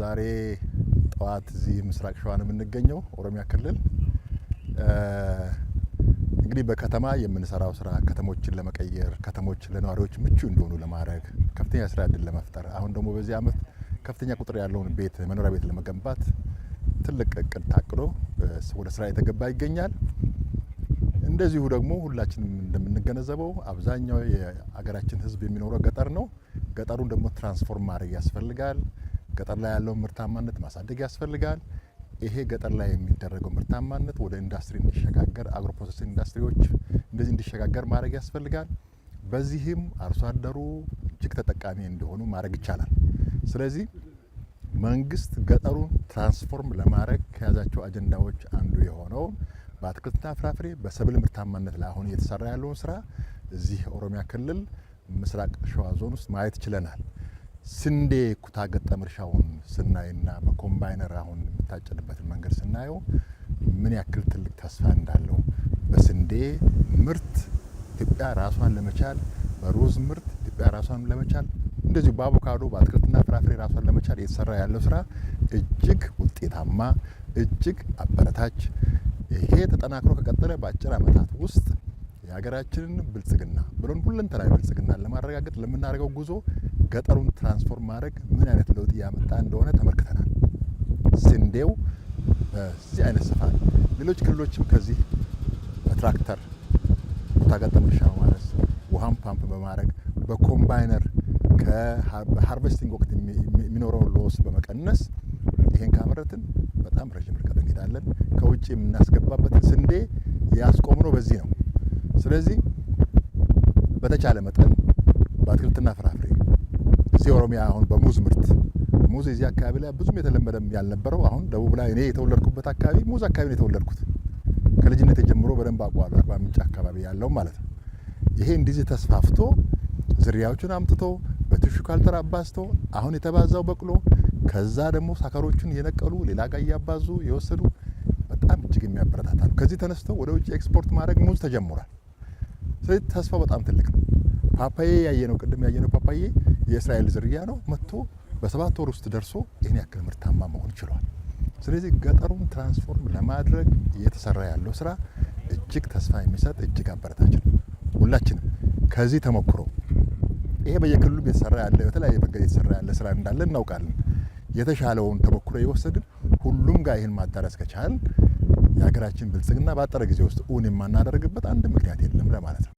ዛሬ ጠዋት እዚህ ምስራቅ ሸዋ ነው የምንገኘው፣ ኦሮሚያ ክልል። እንግዲህ በከተማ የምንሰራው ስራ ከተሞችን ለመቀየር ከተሞች ለነዋሪዎች ምቹ እንደሆኑ ለማድረግ ከፍተኛ ስራ እድል ለመፍጠር አሁን ደግሞ በዚህ አመት ከፍተኛ ቁጥር ያለውን ቤት መኖሪያ ቤት ለመገንባት ትልቅ እቅድ ታቅዶ ወደ ስራ የተገባ ይገኛል። እንደዚሁ ደግሞ ሁላችንም እንደምንገነዘበው አብዛኛው የሀገራችን ህዝብ የሚኖረው ገጠር ነው። ገጠሩን ደግሞ ትራንስፎርም ማድረግ ያስፈልጋል። ገጠር ላይ ያለውን ምርታማነት ማሳደግ ያስፈልጋል። ይሄ ገጠር ላይ የሚደረገው ምርታማነት ወደ ኢንዱስትሪ እንዲሸጋገር አግሮ ኢንዱስትሪዎች እንደዚህ እንዲሸጋገር ማድረግ ያስፈልጋል። በዚህም አርሶ አደሩ እጅግ ተጠቃሚ እንዲሆኑ ማድረግ ይቻላል። ስለዚህ መንግስት ገጠሩን ትራንስፎርም ለማድረግ ከያዛቸው አጀንዳዎች አንዱ የሆነውን በአትክልትና ፍራፍሬ በሰብል ምርታማነት ላይ አሁን እየተሰራ ያለውን ስራ እዚህ ኦሮሚያ ክልል ምስራቅ ሸዋ ዞን ውስጥ ማየት ችለናል። ስንዴ ኩታገጠም እርሻውን ስናይና በኮምባይነር አሁን የሚታጨድበትን መንገድ ስናየው ምን ያክል ትልቅ ተስፋ እንዳለው በስንዴ ምርት ኢትዮጵያ ራሷን ለመቻል፣ በሩዝ ምርት ኢትዮጵያ ራሷን ለመቻል እንደዚሁ በአቮካዶ በአትክልትና ፍራፍሬ ራሷን ለመቻል እየተሰራ ያለው ስራ እጅግ ውጤታማ እጅግ አበረታች። ይሄ ተጠናክሮ ከቀጠለ በአጭር ዓመታት ውስጥ የሀገራችንን ብልጽግና ብሎን ሁለንተናዊ ብልጽግና ለማረጋገጥ ለምናደርገው ጉዞ ገጠሩን ትራንስፎርም ማድረግ ምን አይነት ለውጥ እያመጣ እንደሆነ ተመልክተናል። ስንዴው በዚህ አይነት ስፋት፣ ሌሎች ክልሎችም ከዚህ በትራክተር ታጋጠም ሻ በማረስ ውሃን ፓምፕ በማድረግ በኮምባይነር በሃርቨስቲንግ ወቅት የሚኖረው ሎስ በመቀነስ ይሄን ካመረትን በጣም ረዥም ርቀት እንሄዳለን። ከውጭ የምናስገባበትን ስንዴ ያስቆምነው በዚህ ነው። ስለዚህ በተቻለ መጠን በአትክልትና ፍራፍሬ እዚህ ኦሮሚያ አሁን በሙዝ ምርት ሙዝ እዚህ አካባቢ ላይ ብዙም የተለመደም ያልነበረው አሁን ደቡብ ላይ እኔ የተወለድኩበት አካባቢ ሙዝ አካባቢ ነው የተወለድኩት። ከልጅነት ጀምሮ በደንብ አቋሉ አርባ ምንጭ አካባቢ ያለው ማለት ነው። ይሄ እንዲዚህ ተስፋፍቶ ዝርያዎቹን አምጥቶ በትሹ ካልተር አባዝቶ አሁን የተባዛው በቅሎ ከዛ ደግሞ ሳከሮቹን እየነቀሉ ሌላ ጋር እያባዙ የወሰዱ በጣም እጅግ የሚያበረታታ ነው። ከዚህ ተነስቶ ወደ ውጭ ኤክስፖርት ማድረግ ሙዝ ተጀምሯል። ስለዚህ ተስፋው በጣም ትልቅ ነው። ፓፓዬ ያየነው ቅድም ያየነው ፓፓዬ የእስራኤል ዝርያ ነው። መጥቶ በሰባት ወር ውስጥ ደርሶ ይህን ያክል ምርታማ መሆን ችሏል። ስለዚህ ገጠሩን ትራንስፎርም ለማድረግ እየተሰራ ያለው ስራ እጅግ ተስፋ የሚሰጥ እጅግ አበረታች ነው። ሁላችንም ከዚህ ተሞክሮ ይሄ በየክልሉ የተሰራ ያለ በተለያየ መንገድ የተሰራ ያለ ስራ እንዳለ እናውቃለን። የተሻለውን ተሞክሮ የወሰድን ሁሉም ጋር ይህን ማዳረስ ከቻል የሀገራችን ብልጽግና በአጠረ ጊዜ ውስጥ እውን የማናደርግበት አንድ ምክንያት የለም ለማለት ነው።